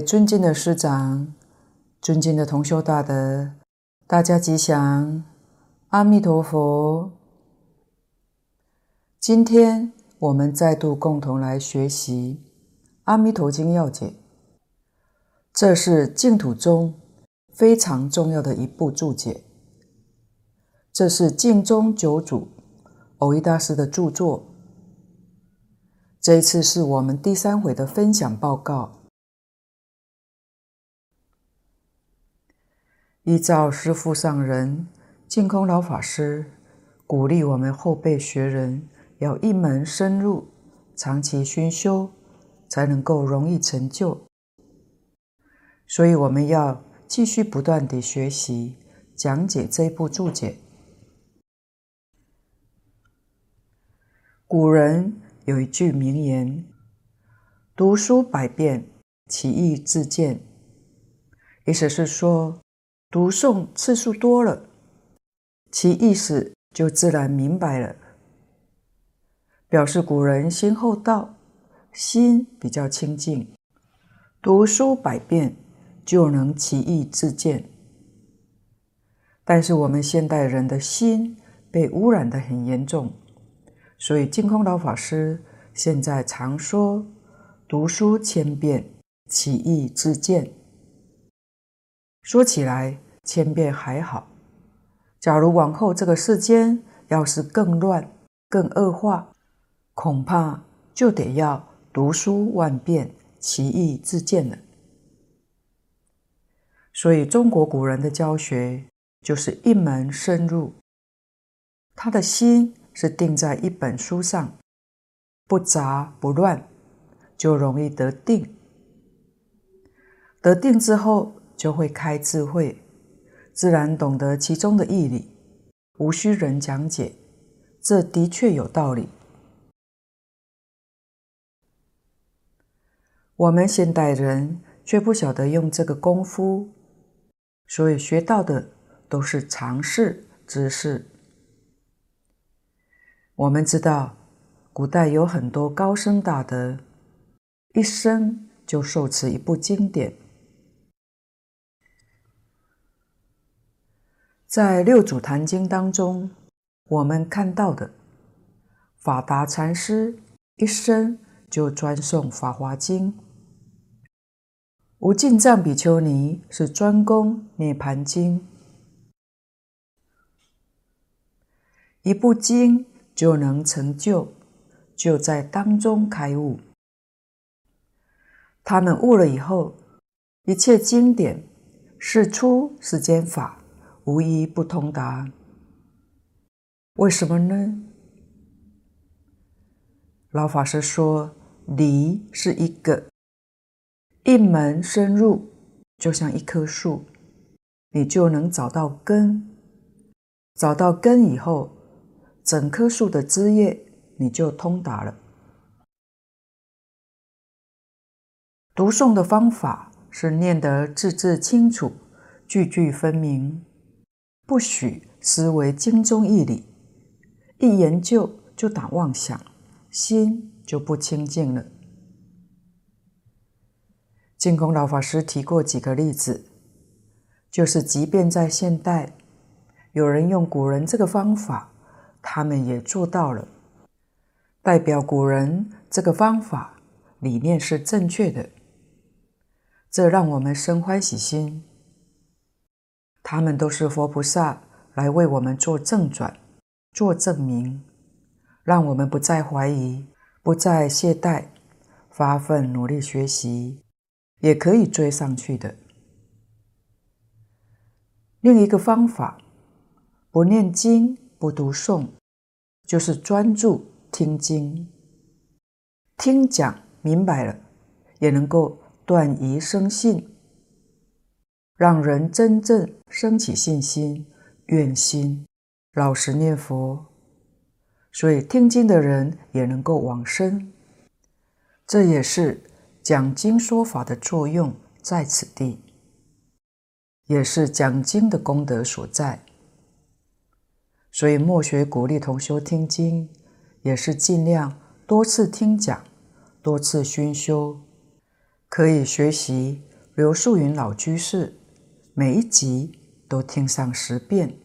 尊敬的師長，尊敬的同修大德，大家吉祥，阿彌陀佛。今天我們再度共同來學習《阿彌陀經要解》，這是淨土中非常重要的一部注解，這是淨宗九祖蕅益大師的著作。這一次是我們第三回的分享報告。依照師父上人淨空老法師鼓勵我們後輩學人要一門深入，長期熏修，才能夠容易成就。所以我們要繼續不斷地學習講解這部注解。古人有一句名言：“讀書百遍，其義自見。”意思是說，讀誦次數多了，其意思就自然明白了。表示古人心厚道，心比較清淨，讀書百遍就能其意自見。但是我們現代人的心被污染得很嚴重，所以淨空老法師現在常說：讀書千遍，其意自見。說起來，千遍還好。假如往後這個世間要是更亂、更惡化，恐怕就得要讀書萬遍，其義自見了。所以，中國古人的教學就是一門深入，他的心是定在一本書上，不雜不亂，就容易得定。得定之後，就會開智慧，自然懂得其中的義理，無需人講解。這的確有道理。我們現代人卻不曉得用這個功夫，所以學到的都是常識知識。我們知道，古代有很多高僧大德，一生就受持一部經典。在六祖壇經當中，我們看到的法達禪師一生就專誦法華經，無盡藏比丘尼是專攻涅槃經，一部經就能成就，就在當中開悟。他們悟了以後，一切經典是出世間法，無一不通達，為什麼呢？老法師說：“離是一個一門深入，就像一棵樹，你就能找到根。找到根以後，整棵樹的枝葉你就通達了。”讀誦的方法是念得字字清楚，句句分明。不許思維經中義理，一研究就打妄想，心就不清淨了。淨空老法師提過幾個例子，就是即便在現代，有人用古人這個方法，他們也做到了，代表古人這個方法理念是正確的，這讓我們生歡喜心。他們都是佛菩薩來為我們做證轉、做證明，讓我們不再懷疑、不再懈怠，發奮努力學習，也可以追上去的。另一個方法，不念經、不讀誦，就是專注聽經、聽講，明白了，也能夠斷疑生信。讓人真正生起信心、願心，老實念佛，所以聽經的人也能夠往生。這也是講經說法的作用在此地，也是講經的功德所在。所以，末學鼓勵同修聽經，也是盡量多次聽講，多次熏修，可以學習劉素雲老居士。每一集都聽上十遍，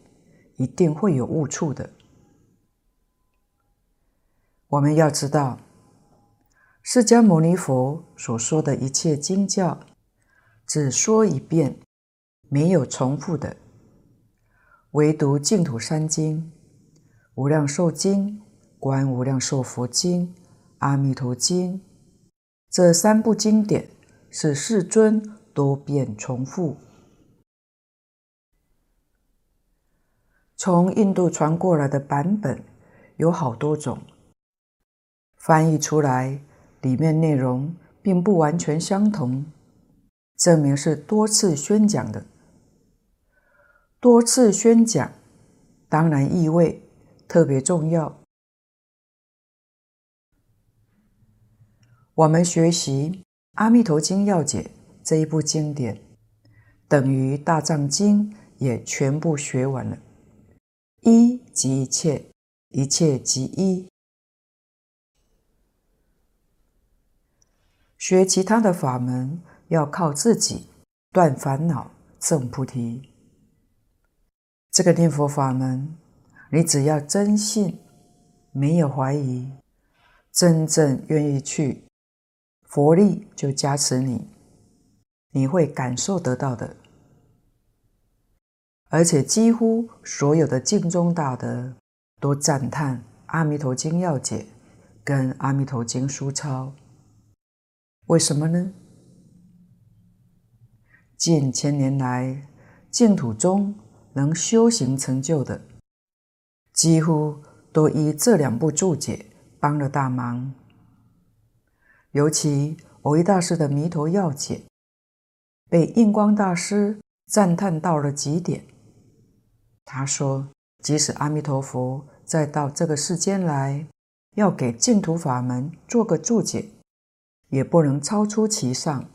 一定會有悟處的。我們要知道，釋迦牟尼佛所說的一切經教，只說一遍，沒有重複的。唯獨淨土三經、無量壽經、觀無量壽佛經、阿彌陀經這三部經典，是世尊多遍重複。從印度傳過來的版本有好多種，翻譯出來裡面內容並不完全相同，證明是多次宣講的。多次宣講，當然意味特別重要。我們學習《阿彌陀經要解》這一部經典，等於《大藏經》也全部學完了。一即一切，一切即一。學其他的法門，要靠自己斷煩惱，證菩提。這個念佛法門，你只要真信，沒有懷疑，真正願意去，佛力就加持你，你會感受得到的。而且幾乎所有的淨宗大德都讚歎《阿彌陀經要解》跟《阿彌陀經疏鈔》，為什麼呢？近千年來淨土中能修行成就的，幾乎都依這兩部注解幫了大忙。尤其蕅益大師的《彌陀要解》，被印光大師讚歎到了極點。他說：“即使阿彌陀佛再到這個世間來，要給淨土法門做個注解，也不能超出其上，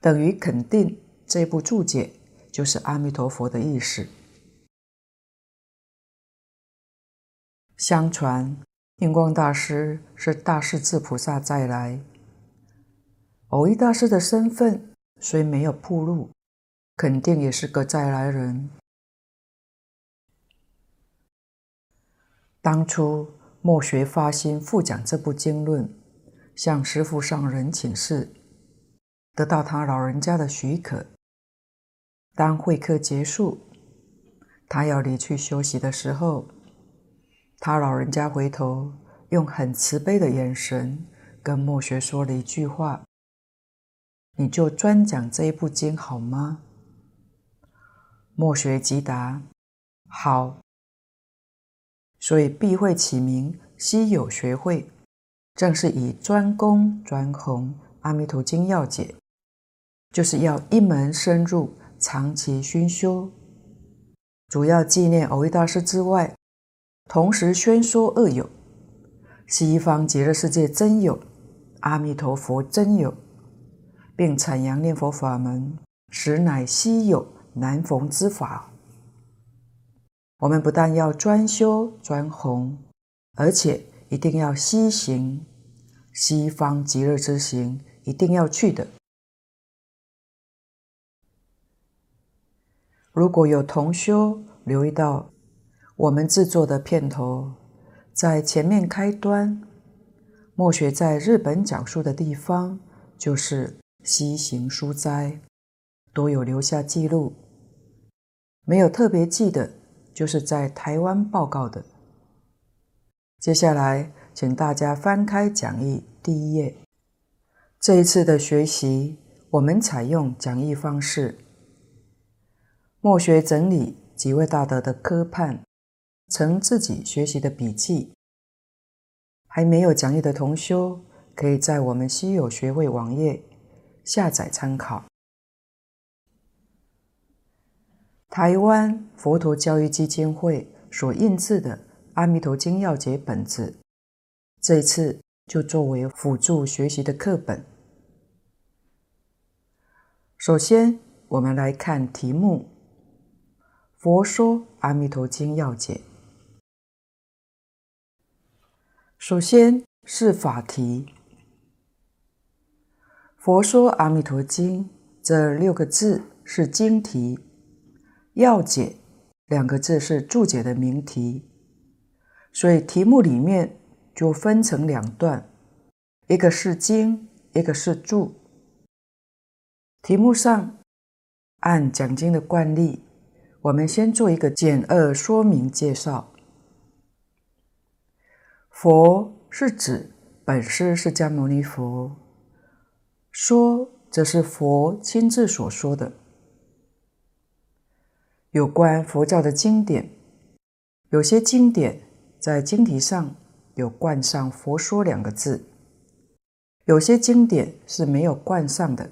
等於肯定這部注解就是阿彌陀佛的意思。”相傳，印光大師是大勢至菩薩再來。蕅益大師的身份雖沒有暴露，肯定也是個再來人。當初，末學發心復講這部經論，向師父上人請示，得到他老人家的許可。當會客結束，他要離去休息的時候，他老人家回頭用很慈悲的眼神跟末學說了一句話：“你就專講這一部經好嗎？”末學即答：“好。”所以必會起名稀有學會，正是以專攻專弘《阿彌陀經要解》，就是要一門深入，長期熏修。主要紀念藕益大師之外，同時宣說惡有，西方極樂世界真有，阿彌陀佛真有，並闡揚念佛法門，實乃稀有難逢之法。我們不但要專修專弘，而且一定要西行西方極樂之行，一定要去的。如果有同修留意到，我們制作的片頭在前面開端，末學在日本講述的地方就是西行書齋，都有留下記錄。沒有特別記得。就是在台灣報告的。接下來，請大家翻開講義第一頁。這一次的學習，我們採用講義方式，末學整理幾位大德的科判，成自己學習的筆記。還沒有講義的同修，可以在我們稀有學會網頁下載參考。台灣佛陀教育基金會所印製的《阿彌陀經要解》本子，這一次就作為輔助學習的課本。首先，我們來看題目：《佛說阿彌陀經要解》。首先是法題，《佛說阿彌陀經》這六個字是經題。要解兩個字是註解的名題，所以題目裡面就分成兩段，一個是經，一個是註。題目上按講經的慣例，我們先做一個簡扼說明介紹。佛是指本師釋迦牟尼佛，說則是佛親自所說的。有關佛教的經典，有些經典在經題上有冠上“佛說”兩個字，有些經典是沒有冠上的。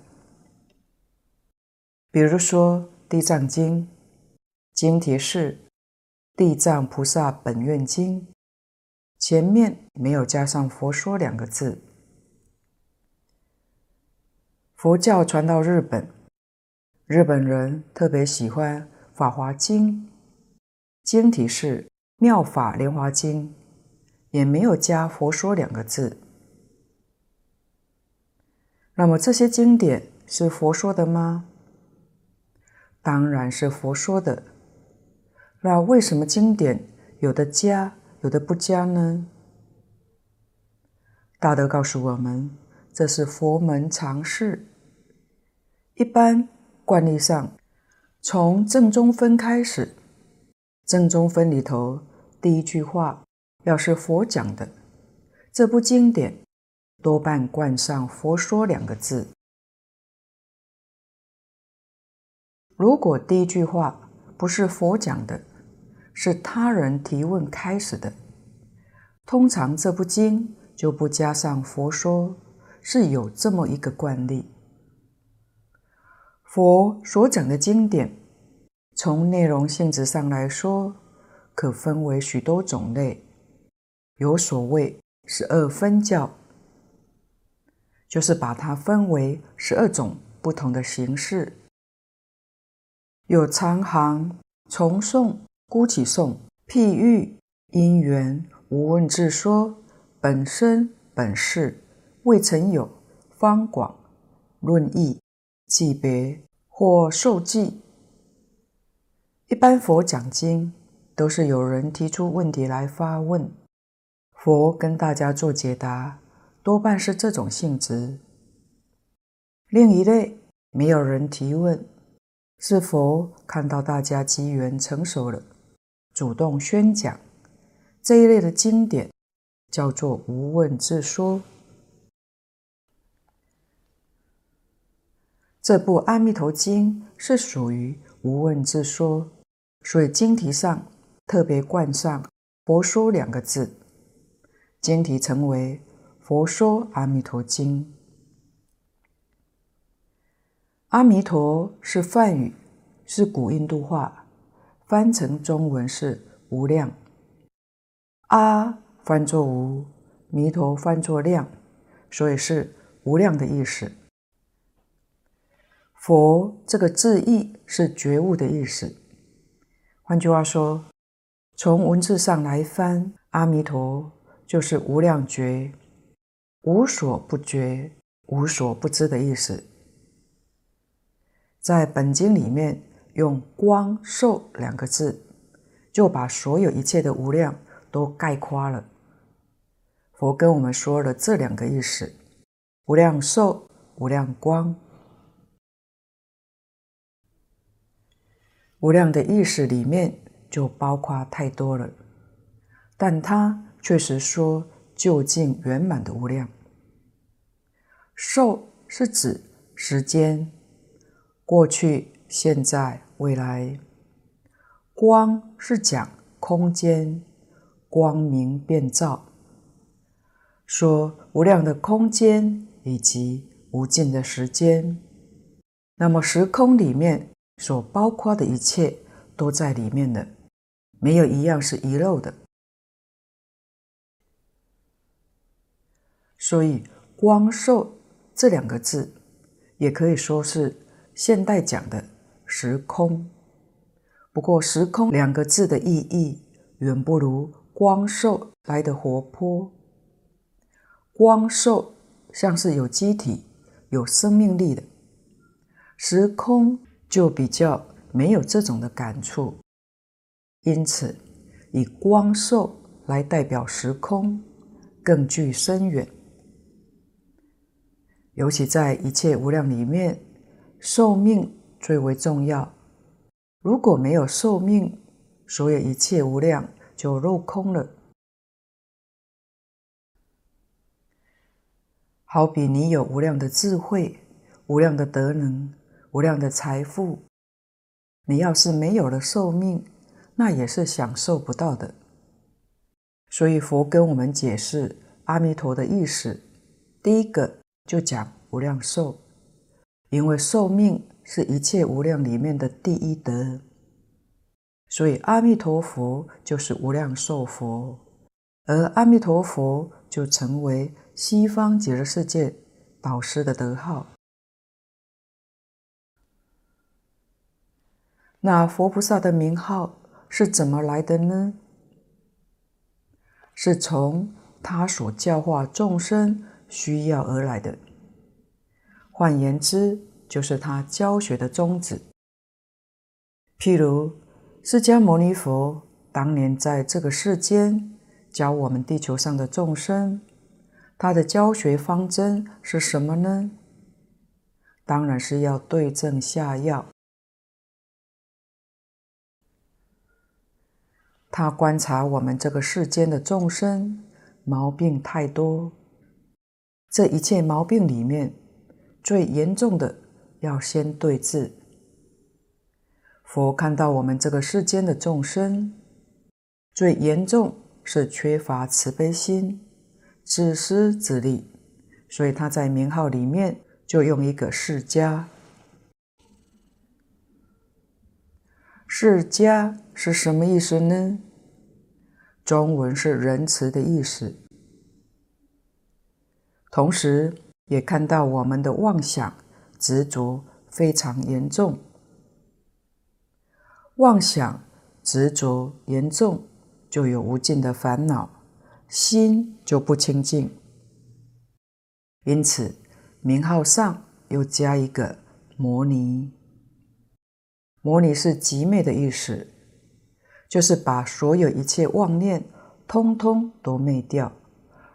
比如說《地藏經》，經題是《地藏菩薩本願經》，前面沒有加上“佛說”兩個字。佛教傳到日本，日本人特別喜歡。《法華經》經題是《妙法蓮華經》，也沒有加“佛說”兩個字。那麼這些經典是佛說的嗎？當然是佛說的。那為什麼經典有的加，有的不加呢？大德告訴我們，這是佛門常識，一般慣例上。從正宗分開始，正宗分裡頭第一句話要是佛講的，這部經典多半冠上“佛說”兩個字。如果第一句話不是佛講的，是他人提問開始的，通常這部經就不加上“佛說”，是有這麼一個慣例。佛所講的經典，從內容性質上來說，可分為許多種類。有所謂十二分教，就是把它分為十二種不同的形式。有長行、重頌、孤起頌、譬喻、因緣、無問自說、本生、本事、未曾有、方廣、論議。記別或受記，一般佛講經都是有人提出問題來發問，佛跟大家做解答，多半是這種性質。另一類沒有人提問，是佛看到大家機緣成熟了，主動宣講。這一類的經典叫做無問自說。這部《阿彌陀經》是屬於無問自說，所以經題上特別冠上“佛說”兩個字，經題稱為《佛說阿彌陀經》。阿彌陀是梵語，是古印度話，翻成中文是無量。阿翻作無，彌陀翻作量，所以是無量的意思。佛這個字義是覺悟的意思。換句話說，從文字上來翻，阿彌陀就是無量覺、無所不覺、無所不知的意思。在本經裡面，用光壽兩個字，就把所有一切的無量都概括了。佛跟我們說了這兩個意思：無量壽、無量光。無量的意識裡面就包括太多了，但它確實說究竟圓滿的無量。壽是指時間，過去、現在、未來。光是講空間，光明變照，說無量的空間以及無盡的時間，那麼時空裡面。所包括的一切都在裡面的，沒有一樣是遺漏的。所以“光壽”這兩個字，也可以說是現代講的“時空”。不過，“時空”兩個字的意義遠不如“光壽”來的活潑。“光壽”像是有機體、有生命力的，“時空”。就比較沒有這種的感觸，因此以光壽來代表時空，更具深遠。尤其在一切無量裡面，壽命最為重要。如果沒有壽命，所有一切無量就落空了。好比你有無量的智慧，無量的德能，無量的財富，你要是沒有了壽命，那也是享受不到的。所以佛跟我們解釋阿彌陀的意思，第一個就講無量壽，因為壽命是一切無量裡面的第一德，所以阿彌陀佛就是無量壽佛，而阿彌陀佛就成為西方極樂世界導師的德號。那佛菩薩的名號是怎麼來的呢？是從他所教化眾生需要而來的。換言之，就是他教學的宗旨。譬如，釋迦牟尼佛當年在這個世間教我們地球上的眾生，他的教學方針是什麼呢？當然是要對症下藥。他觀察我們這個世間的眾生，毛病太多。這一切毛病裡面，最嚴重的要先對治。佛看到我們這個世間的眾生，最嚴重是缺乏慈悲心，自私自利，所以他在名號裡面就用一個釋迦，釋迦，是什麼意思呢？中文是仁慈的意思。同時，也看到我們的妄想執着非常嚴重。妄想執着嚴重，就有無盡的煩惱，心就不清淨。因此，名號上又加一個摩尼。摩尼是極美的意思。就是把所有一切妄念，通通都滅掉，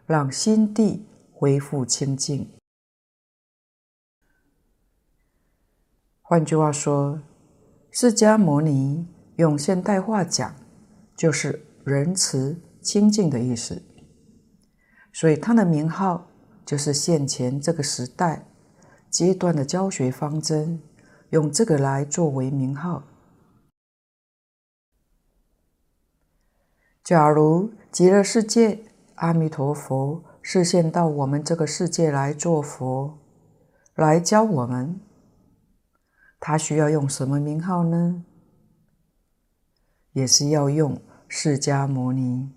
讓心地恢復清淨。換句話說，釋迦牟尼用現代話講，就是仁慈清淨的意思。所以他的名號就是現前這個時代階段的教學方針，用這個來作為名號。假如極樂世界阿彌陀佛示現，到我們這個世界來做佛，來教我們，他需要用什麼名號呢？也是要用釋迦牟尼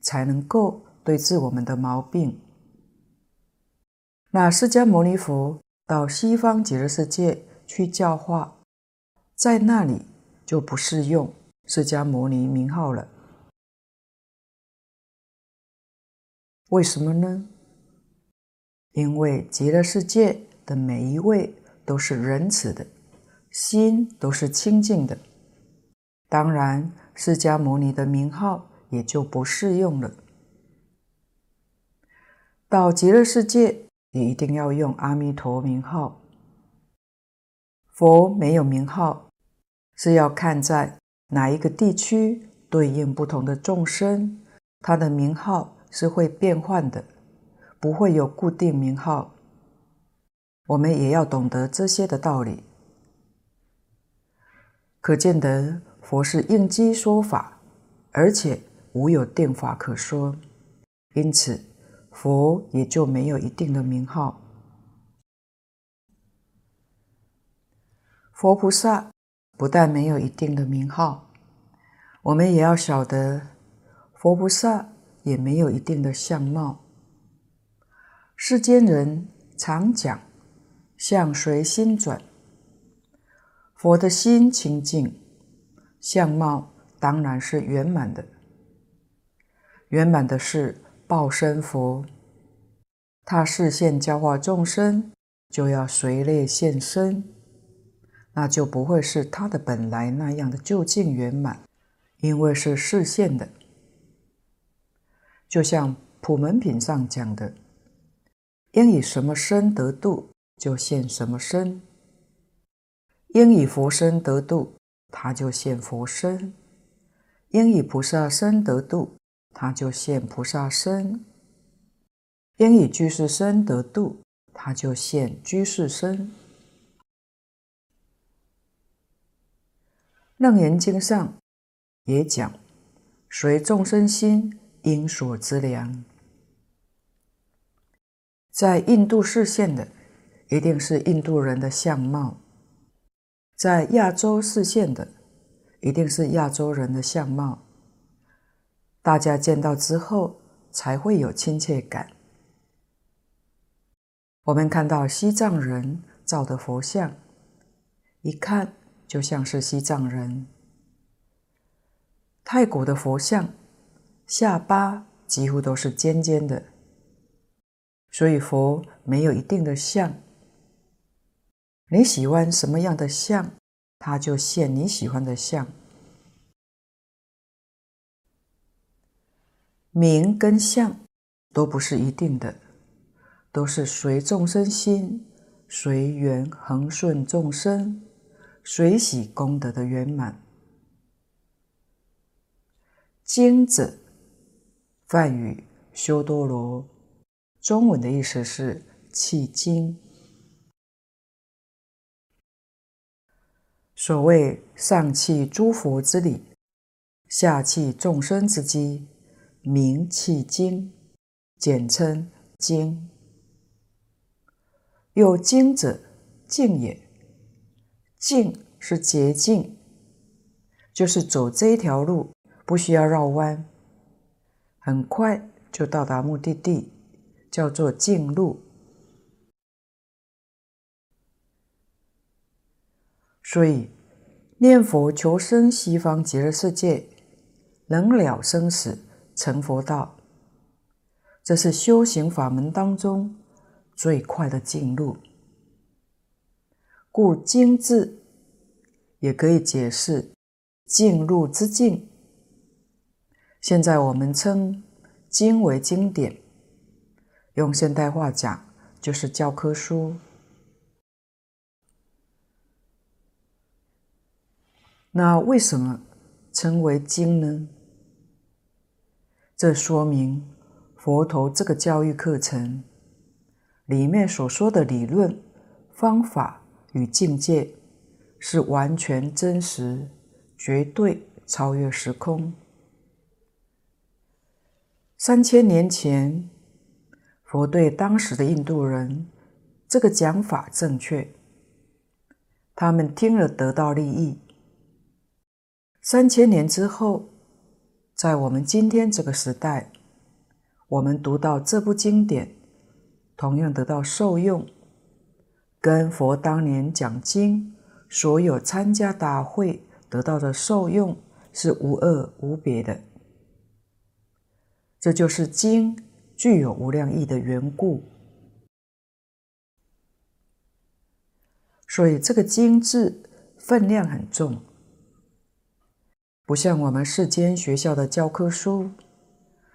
才能夠對治我們的毛病。那釋迦牟尼佛到西方極樂世界去教化，在那裡就不適用釋迦牟尼名號了。為什麼呢？因為極樂世界的每一位都是仁慈的，心都是清淨的，當然，釋迦牟尼的名號也就不適用了。到極樂世界也一定要用阿彌陀名號。佛沒有名號，是要看在哪一個地區，對應不同的眾生，他的名號。是會變換的，不會有固定名號。我們也要懂得這些的道理。可見得佛是應機說法，而且無有定法可說，因此佛也就沒有一定的名號。佛菩薩不但沒有一定的名號，我們也要曉得佛菩薩。也沒有一定的相貌。世間人常講，相隨心轉。佛的心清淨，相貌當然是圓滿的。圓滿的是報身佛，他示現教化眾生，就要隨類現身，那就不會是他的本來那樣的究竟圓滿，因為是示現的。就像普門品上講的：“應以什麼身得度，就現什麼身；應以佛身得度，他就現佛身；應以菩薩身得度，他就現菩薩身；應以居士身得度，他就現居士身。”《楞嚴經》上也講：“隨眾生心。”應所知量，在印度示現的一定是印度人的相貌，在亞洲示現的一定是亞洲人的相貌。大家見到之後才會有親切感。我們看到西藏人造的佛像，一看就像是西藏人；泰國的佛像。下巴幾乎都是尖尖的，所以佛沒有一定的相。你喜歡什麼樣的相，他就現你喜歡的相。名跟相都不是一定的，都是隨眾生心，隨緣恆順眾生，隨喜功德的圓滿。金子。梵語“修多羅”，中文的意思是“契經”。所謂“上契諸佛之理，下契眾生之機”，名契經，簡稱經。又經者，徑也。徑是捷徑，就是走這條路，不需要繞彎。很快就到達目的地，叫做徑路。所以念佛求生西方極樂世界，能了生死成佛道，這是修行法門當中最快的徑路。故「徑」字也可以解釋「徑路之徑」。現在我們稱經為經典，用現代話講就是教科書。那為什麼稱為經呢？這說明佛陀這個教育課程裡面所說的理論、方法與境界，是完全真實、絕對超越時空。三千年前，佛對當時的印度人這個講法正確，他們聽了得到利益。三千年之後，在我們今天這個時代，我們讀到這部經典，同樣得到受用，跟佛當年講經，所有參加大會得到的受用是無二無別的。這就是經具有無量義的緣故，所以這個經字分量很重，不像我們世間學校的教科書，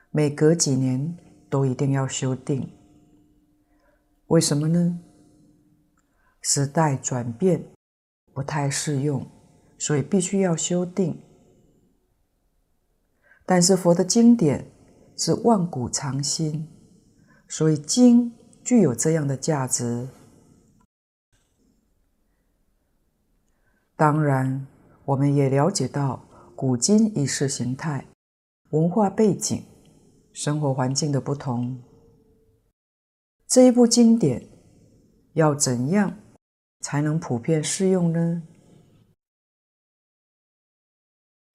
每隔幾年都一定要修訂。為什麼呢？時代轉變，不太適用，所以必須要修訂。但是佛的經典，是萬古長新，所以經具有這樣的價值。當然，我們也了解到古今意識形態、文化背景、生活環境的不同。這一部經典要怎樣才能普遍適用呢？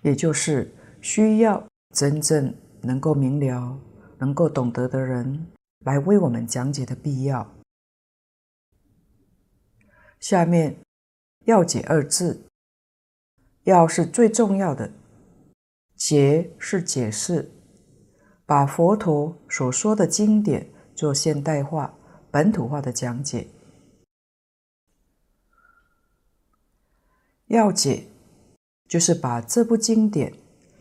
也就是需要真正。能夠明了、能夠懂得的人來為我們講解的必要。下面“要解”二字，“要”是最重要的，“解”是解釋，把佛陀所說的經典做現代化、本土化的講解。要解就是把這部經典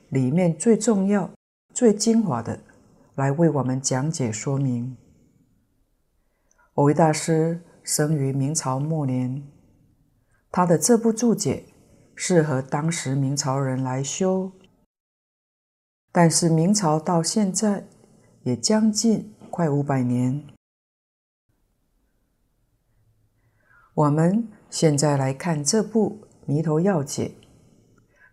裡面最重要。最精華的，來為我們講解說明。蕅益大師生於明朝末年，他的這部注解適合當時明朝人來修。但是明朝到現在也將近快五百年，我們現在來看這部《彌陀要解》，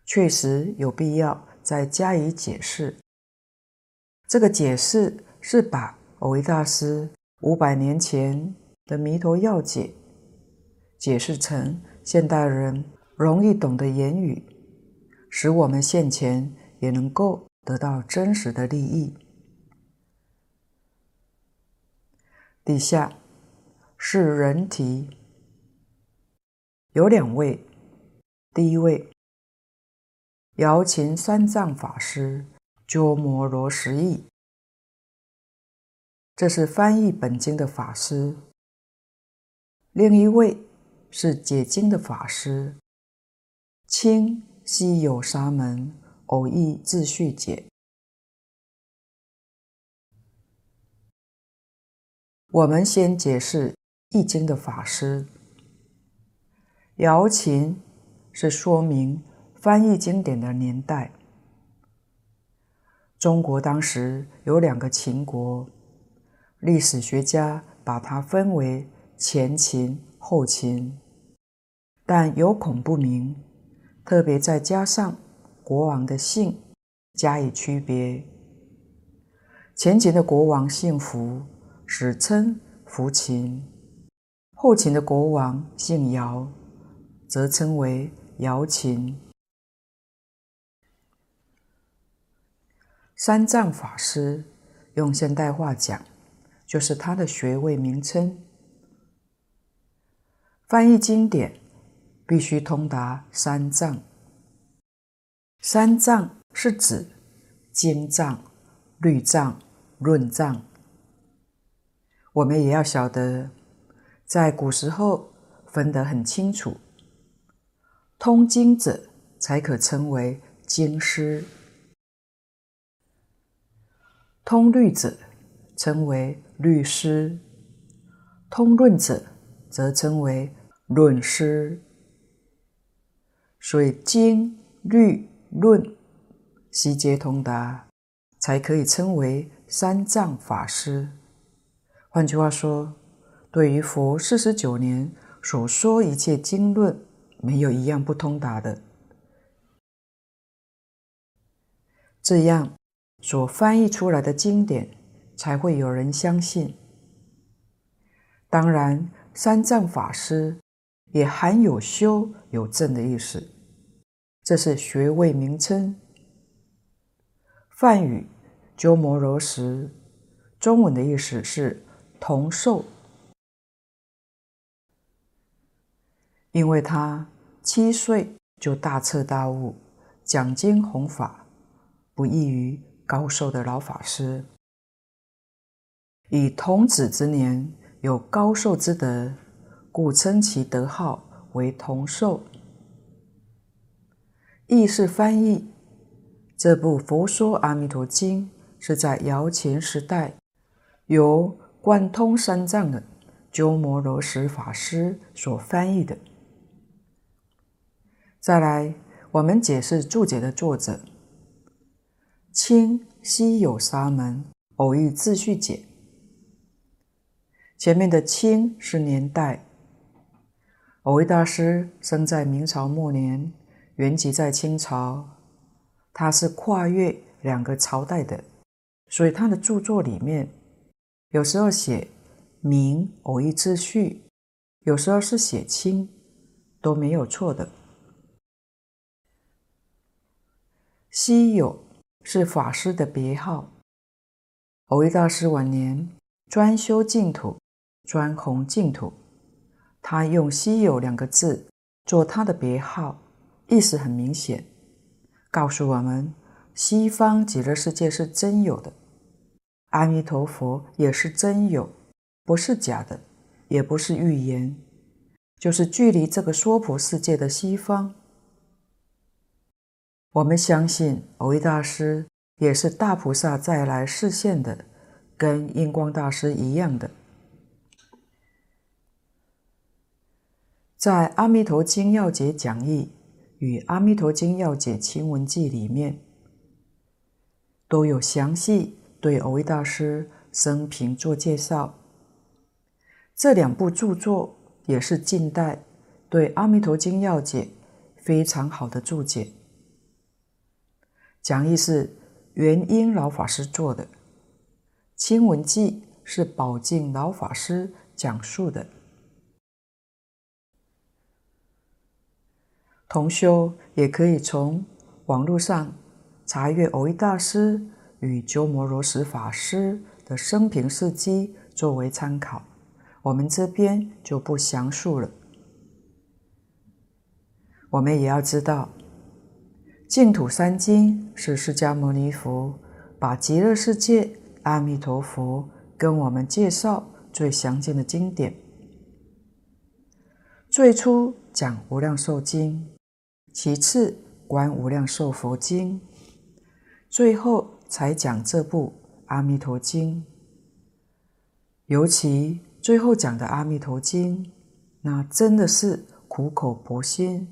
確實有必要再加以解釋。這個解釋是把維大師五百年前的彌陀要解解釋成現代人容易懂的言語，使我們現前也能夠得到真實的利益。底下是人題，有兩位，第一位姚秦三藏法師。鳩摩羅什譯，這是翻譯本經的法師；另一位是解經的法師。清西有沙門蕅益智旭解。我們先解釋譯經的法師。姚秦是說明翻譯經典的年代。中國當時有兩個秦國，歷史學家把它分為前秦、後秦，但有恐不明，特別再加上國王的姓加以區別。前秦的國王姓苻，史稱苻秦；後秦的國王姓姚，則稱為姚秦。三藏法師，用現代話講，就是他的學位名稱。翻譯經典，必須通達三藏。三藏是指經藏、律藏、論藏。我們也要曉得，在古時候分得很清楚，通經者才可稱為經師。通律者稱為律師，通論者則稱為論師。所以經、律、論悉皆通達，才可以稱為三藏法師。換句話說，對於佛四十九年所說一切經論，沒有一樣不通達的。這樣。所翻譯出來的經典才會有人相信。當然，三藏法師也含有修有證的意思，這是學位名稱。梵語鳩摩羅什，中文的意思是童壽，因為他七歲就大徹大悟，講經弘法，不異於。高壽的老法師，以童子之年有高壽之德，故稱其德號為童壽。意是翻譯這部《佛說阿彌陀經》，是在姚秦時代由貫通三藏的鳩摩羅什法師所翻譯的。再來，我們解釋注解的作者。清西有沙門，蕅益智旭解。前面的“清”是年代，蕅益大師生在明朝末年，原籍在清朝，他是跨越兩個朝代的，所以他的著作裡面有時候寫明蕅益智旭，有時候是寫清，都沒有錯的。西有。是法師的別號。藕益大師晚年專修淨土，專弘淨土。他用“西有”兩個字做他的別號，意思很明顯，告訴我們西方極樂世界是真有的，阿彌陀佛也是真有，不是假的，也不是預言，就是距離這個娑婆世界的西方。我們相信藕益大師也是大菩薩再來示現的，跟印光大師一樣的。在《阿彌陀經要解講義》與《阿彌陀經要解親聞記》裡面，都有詳細對藕益大師生平做介紹。這兩部著作也是近代對《阿彌陀經要解》非常好的注解。講義是圓瑛老法師做的，親聞記是寶靜老法師講述的。同修也可以從網絡上查閱藕益大師與鳩摩羅什法師的生平事跡作為參考，我們這邊就不詳述了。我們也要知道。淨土三經是釋迦牟尼佛把極樂世界阿彌陀佛跟我們介紹最詳盡的經典。最初講《無量壽經》，其次《觀無量壽佛經》，最後才講這部《阿彌陀經》。尤其最後講的《阿彌陀經》，那真的是苦口婆心，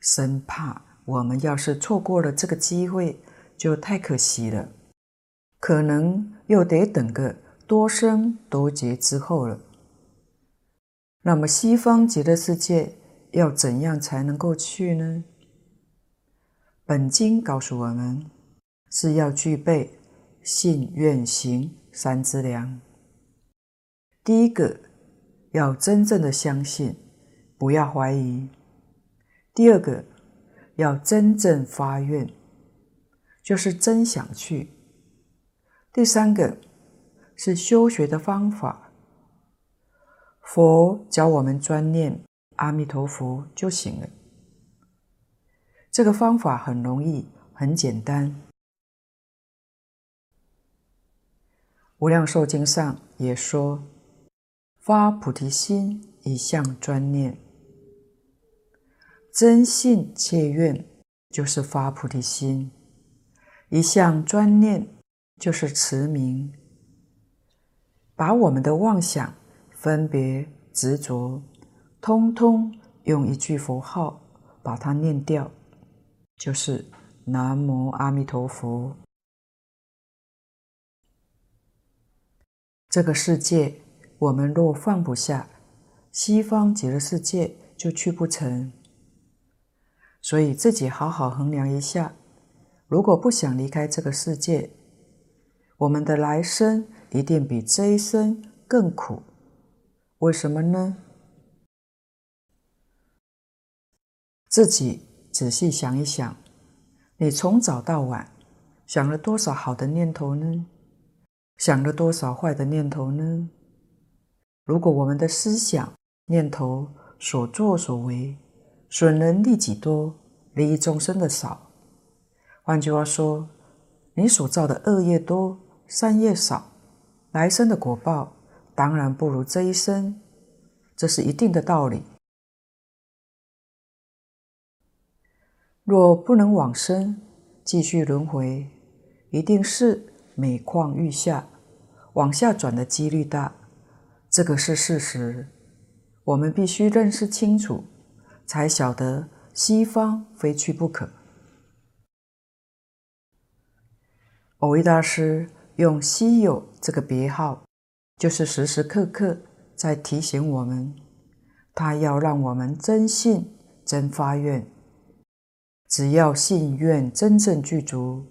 生怕。我們要是錯過了這個機會，就太可惜了，可能又得等個多生多劫之後了。那麼西方極樂世界要怎樣才能夠去呢？本經告訴我們，是要具備信願行三資糧。第一個要真正的相信，不要懷疑；第二個。要真正發願，就是真想去。第三個是修學的方法，佛教我們專念阿彌陀佛就行了。這個方法很容易，很簡單。無量壽經上也說，發菩提心，一向專念。真信切願就是發菩提心，一向專念就是持名，把我們的妄想、分別、執着，通通用一句佛號把它念掉，就是南無阿彌陀佛。這個世界我們若放不下，西方極樂世界就去不成。所以，自己好好衡量一下，如果不想離開這個世界，我們的來生一定比這一生更苦。為什麼呢？自己仔細想一想，你從早到晚，想了多少好的念頭呢？想了多少壞的念頭呢？如果我們的思想、念頭、所作所為，損人利己多，利益眾生的少。換句話說，你所造的惡業多，善業少，來生的果報當然不如這一生，這是一定的道理。若不能往生，繼續輪回，一定是每況愈下，往下轉的幾率大，這個是事實，我們必須認識清楚。才曉得西方非去不可。蕅益大師用“西有”這個別號，就是時時刻刻在提醒我們，他要讓我們真信、真發願。只要信願真正具足，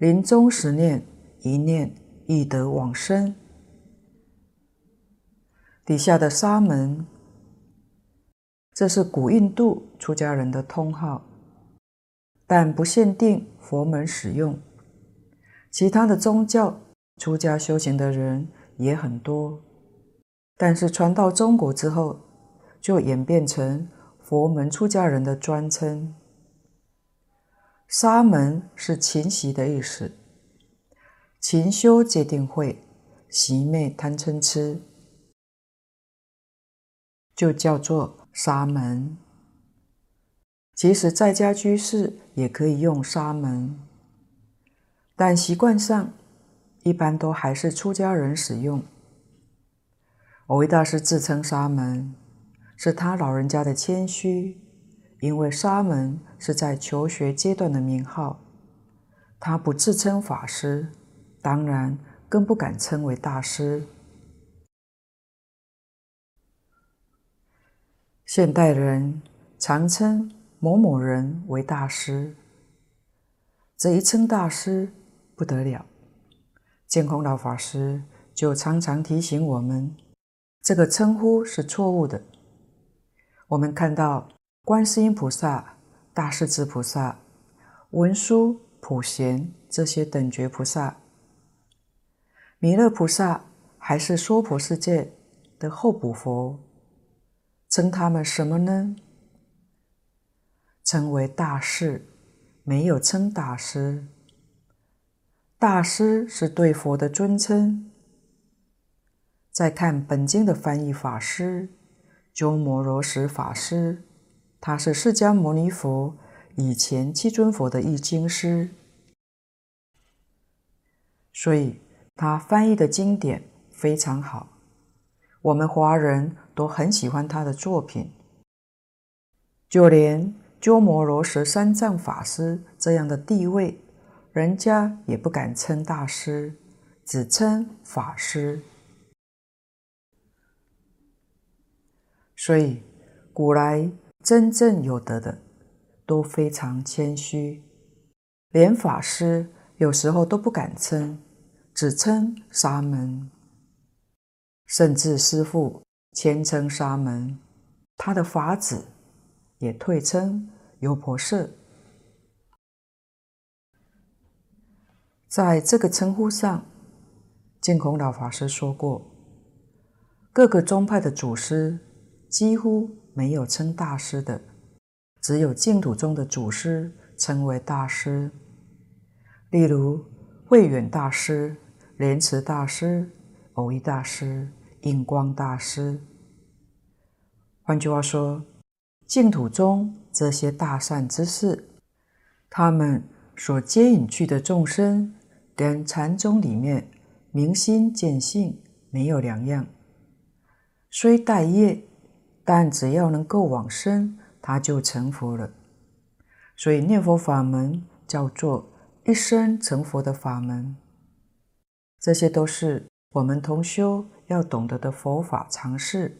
臨終十念一念，亦得往生。底下的沙門。這是古印度出家人的通號，但不限定佛門使用。其他的宗教出家修行的人也很多，但是傳到中國之後，就演變成佛門出家人的專稱。沙門是勤息的意思，勤修戒定慧，息滅貪嗔癡，就叫做。沙門，其實在家居士也可以用沙門，但習慣上一般都還是出家人使用。蕅益大師自稱沙門，是他老人家的謙虛，因為沙門是在求學階段的名號，他不自稱法師，當然更不敢稱為大師。現代人常稱某某人為大師，這一稱大師不得了。淨空老法師就常常提醒我們，這個稱呼是錯誤的。我們看到觀世音菩薩、大勢至菩薩、文殊普賢這些等覺菩薩，彌勒菩薩還是娑婆世界的候補佛。稱他們什麼呢？稱為大士，沒有稱大師。大師是對佛的尊稱。再看本經的翻譯法師，鳩摩羅什法師，他是釋迦牟尼佛以前七尊佛的譯經師，所以他翻譯的經典非常好。我們華人。都很喜歡他的作品，就連鳩摩羅什三藏法師這樣的地位，人家也不敢稱大師，只稱法師。所以，古來真正有德的都非常謙虛，連法師有時候都不敢稱，只稱沙門，甚至師父。謙稱沙門，他的法子，也退稱優婆塞。在這個稱呼上，淨空老法師說過，各個宗派的祖師幾乎沒有稱大師的，只有淨土中的祖師稱為大師，例如慧遠大師、蓮池大師、藕益大師。印光大師，換句話說，淨土中這些大善知識，他們所接引去的眾生，跟禪宗裡面明心見性沒有兩樣。雖帶業，但只要能夠往生，他就成佛了。所以念佛法門叫做一生成佛的法門。這些都是我們同修。要懂得的佛法常識。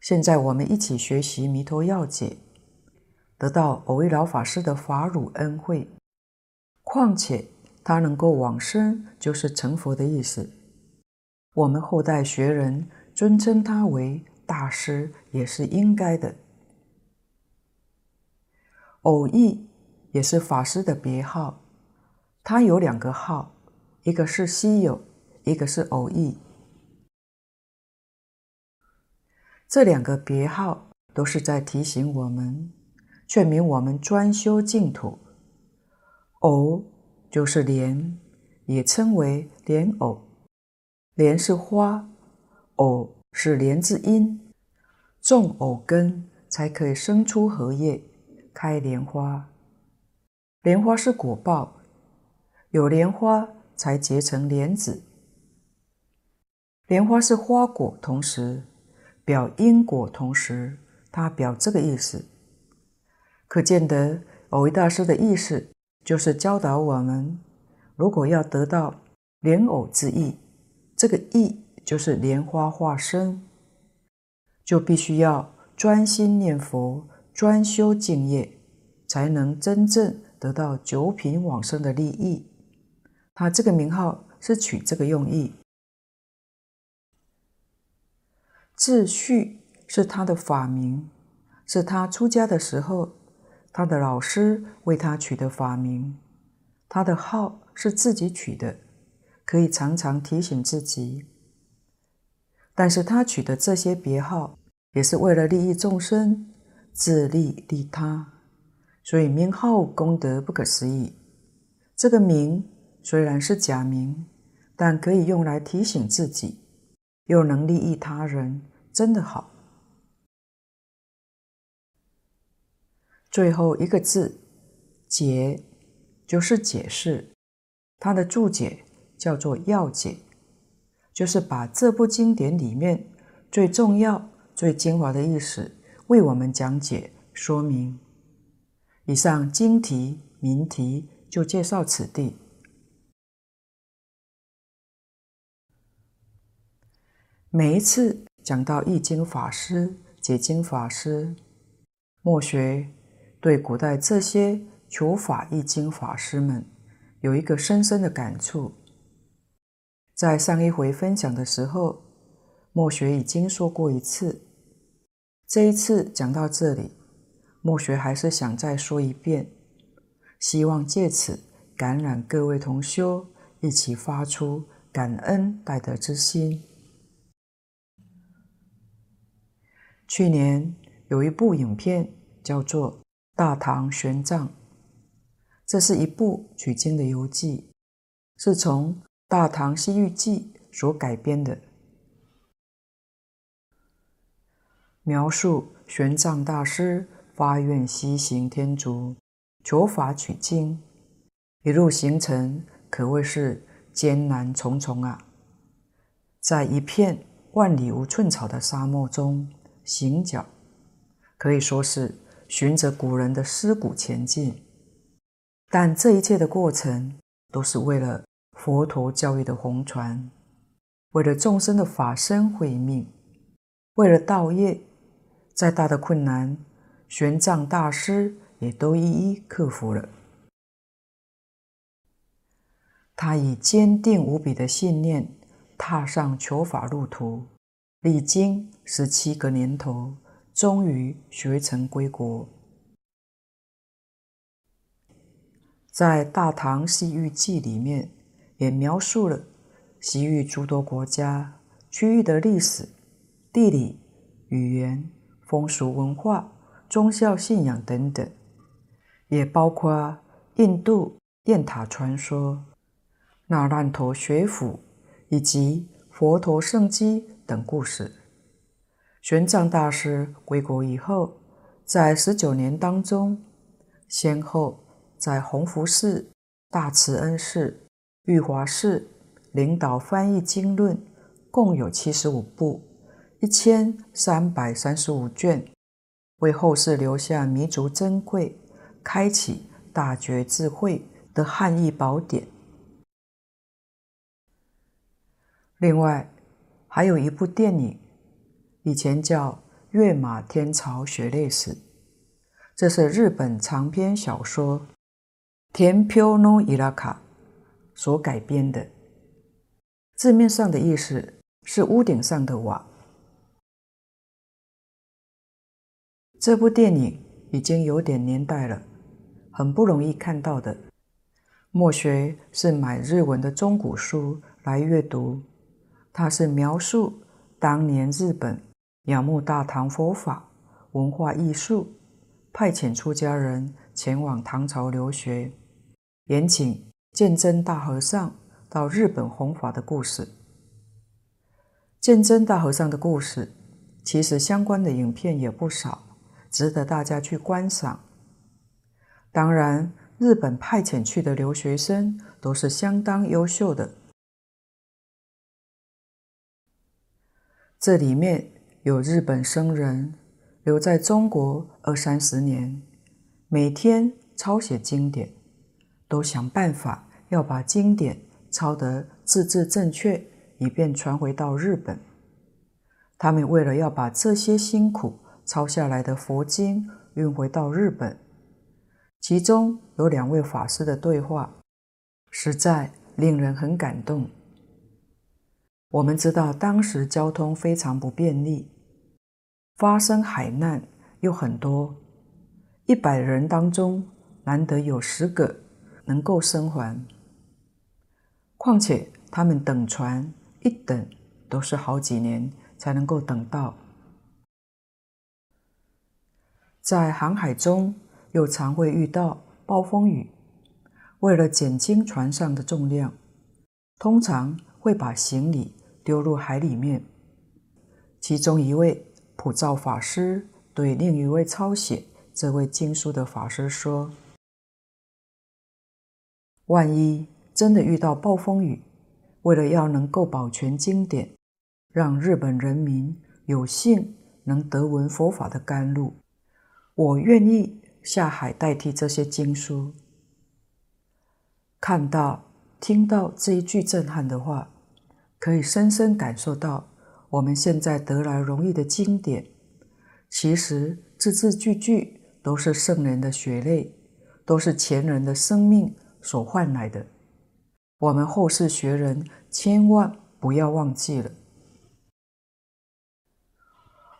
現在我們一起學習《彌陀要解》，得到蕅益老法師的法乳恩惠。況且他能夠往生，就是成佛的意思。我們後代學人尊稱他為大師，也是應該的。蕅益也是法師的別號，他有兩個號，一個是西有。一個是蕅益，這兩個別號都是在提醒我們，勸勉我們專修淨土。藕就是蓮，也稱為蓮藕。蓮是花，藕是蓮之因，種藕根才可以生出荷葉，開蓮花。蓮花是果報，有蓮花才結成蓮子。蓮花是花果同時，表因果同時，它表這個意思。可見得，藕益大師的意思，就是教導我們：如果要得到蓮藕之益，這個益就是蓮花化身，就必須要專心念佛，專修淨業，才能真正得到九品往生的利益。他這個名號是取這個用意。智旭是他的法名，是他出家的時候，他的老師為他取的法名。他的號是自己取的，可以常常提醒自己。但是他取的這些別號，也是為了利益眾生，自利利他，所以名號功德不可思議。這個名雖然是假名，但可以用來提醒自己。又能利益他人，真的好。最後一個字“解”，就是解釋。它的註解叫做“要解”，就是把這部經典裡面最重要、最精華的意思為我們講解說明。以上經題名題就介紹此地。每一次講到譯經法師、解經法師，末學對古代這些求法譯經法師們有一個深深的感觸。在上一回分享的時候，末學已經說過一次。這一次講到這裡，末學還是想再說一遍，希望借此感染各位同修，一起發出感恩戴德之心。去年有一部影片叫做《大唐玄奘》，這是一部取經的遊記，是從《大唐西域記》所改編的，描述玄奘大師發願西行天竺，求法取經，一路行程可謂是艱難重重啊，在一片萬里無寸草的沙漠中。行腳可以說是循着古人的屍骨前進，但這一切的過程都是為了佛陀教育的弘傳，為了眾生的法身慧命，為了道業。再大的困難，玄奘大師也都一一克服了。他以堅定無比的信念踏上求法路途。歷經十七個年頭，終於學成歸國。在《大唐西域記》裡面，也描述了西域諸多國家、區域的歷史、地理、語言、風俗、文化、宗教、信仰等等，也包括印度雁塔傳說、那爛陀學府以及佛陀聖跡。等故事，玄奘大師歸國以後，在十九年當中，先後在弘福寺、大慈恩寺、玉華寺領導翻譯經論，共有七十五部、一千三百三十五卷，為後世留下彌足珍貴、開啟大覺智慧的漢譯寶典。另外。還有一部電影，以前叫《躍馬天朝血淚史》，這是日本長篇小說《天平之甍》所改編的。字面上的意思是“屋頂上的瓦”。這部電影已經有點年代了，很不容易看到的。末學是買日文的中古書來閱讀。它是描述當年日本仰慕大唐佛法文化藝術，派遣出家人前往唐朝留學，延請鑒真大和尚到日本弘法的故事。鑒真大和尚的故事，其實相關的影片也不少，值得大家去觀賞。當然，日本派遣去的留學生都是相當優秀的。這裡面有日本僧人留在中國二三十年，每天抄寫經典，都想辦法要把經典抄得字字正確，以便傳回到日本。他們為了要把這些辛苦抄下來的佛經運回到日本，其中有兩位法師的對話，實在令人很感動。我們知道當時交通非常不便利，發生海難又很多，一百人當中難得有十個能夠生還。況且他們等船一等都是好幾年才能夠等到，在航海中又常會遇到暴風雨，為了減輕船上的重量，通常會把行李，丟入海裡面。其中一位普照法師對另一位抄寫這位經書的法師說：“萬一真的遇到暴風雨，為了要能夠保全經典，讓日本人民有幸能得聞佛法的甘露，我願意下海代替這些經書。”看到、聽到這一句震撼的話。可以深深感受到，我們現在得來容易的經典，其實字字句句都是聖人的血淚，都是前人的生命所換來的。我們後世學人千萬不要忘記了，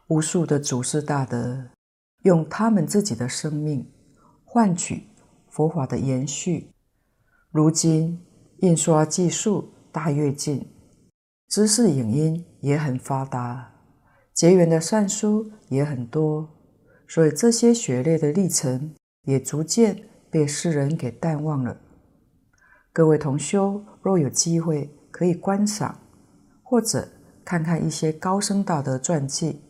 無數的祖師大德用他們自己的生命換取佛法的延續。如今印刷技術大躍進。知識影音也很發達，結緣的善書也很多，所以這些學歷的歷程也逐漸被世人給淡忘了。各位同修，若有機會可以觀賞，或者看看一些高僧大德傳記，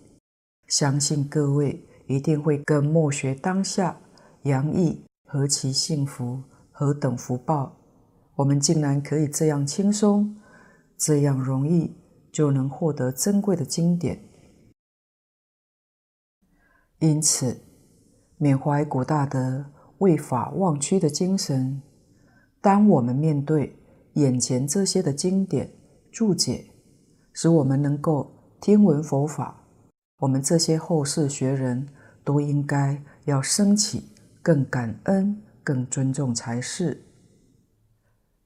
相信各位一定會更默學當下，洋溢何其幸福，何等福報，我們竟然可以這樣輕鬆。這樣容易就能獲得珍貴的經典。因此，緬懷古大德為法忘軀的精神，當我們面對眼前這些的經典注解，使我們能夠聽聞佛法，我們這些後世學人都應該要生起更感恩、更尊重才是。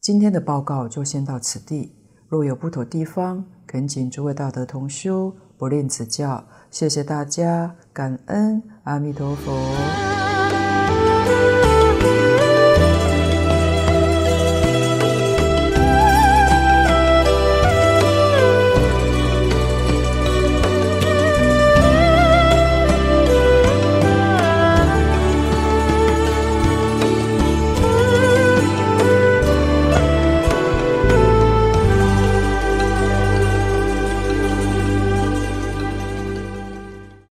今天的報告就先到此地。若有不妥地方，懇請諸位大德同修不吝指教。謝謝大家，感恩阿彌陀佛。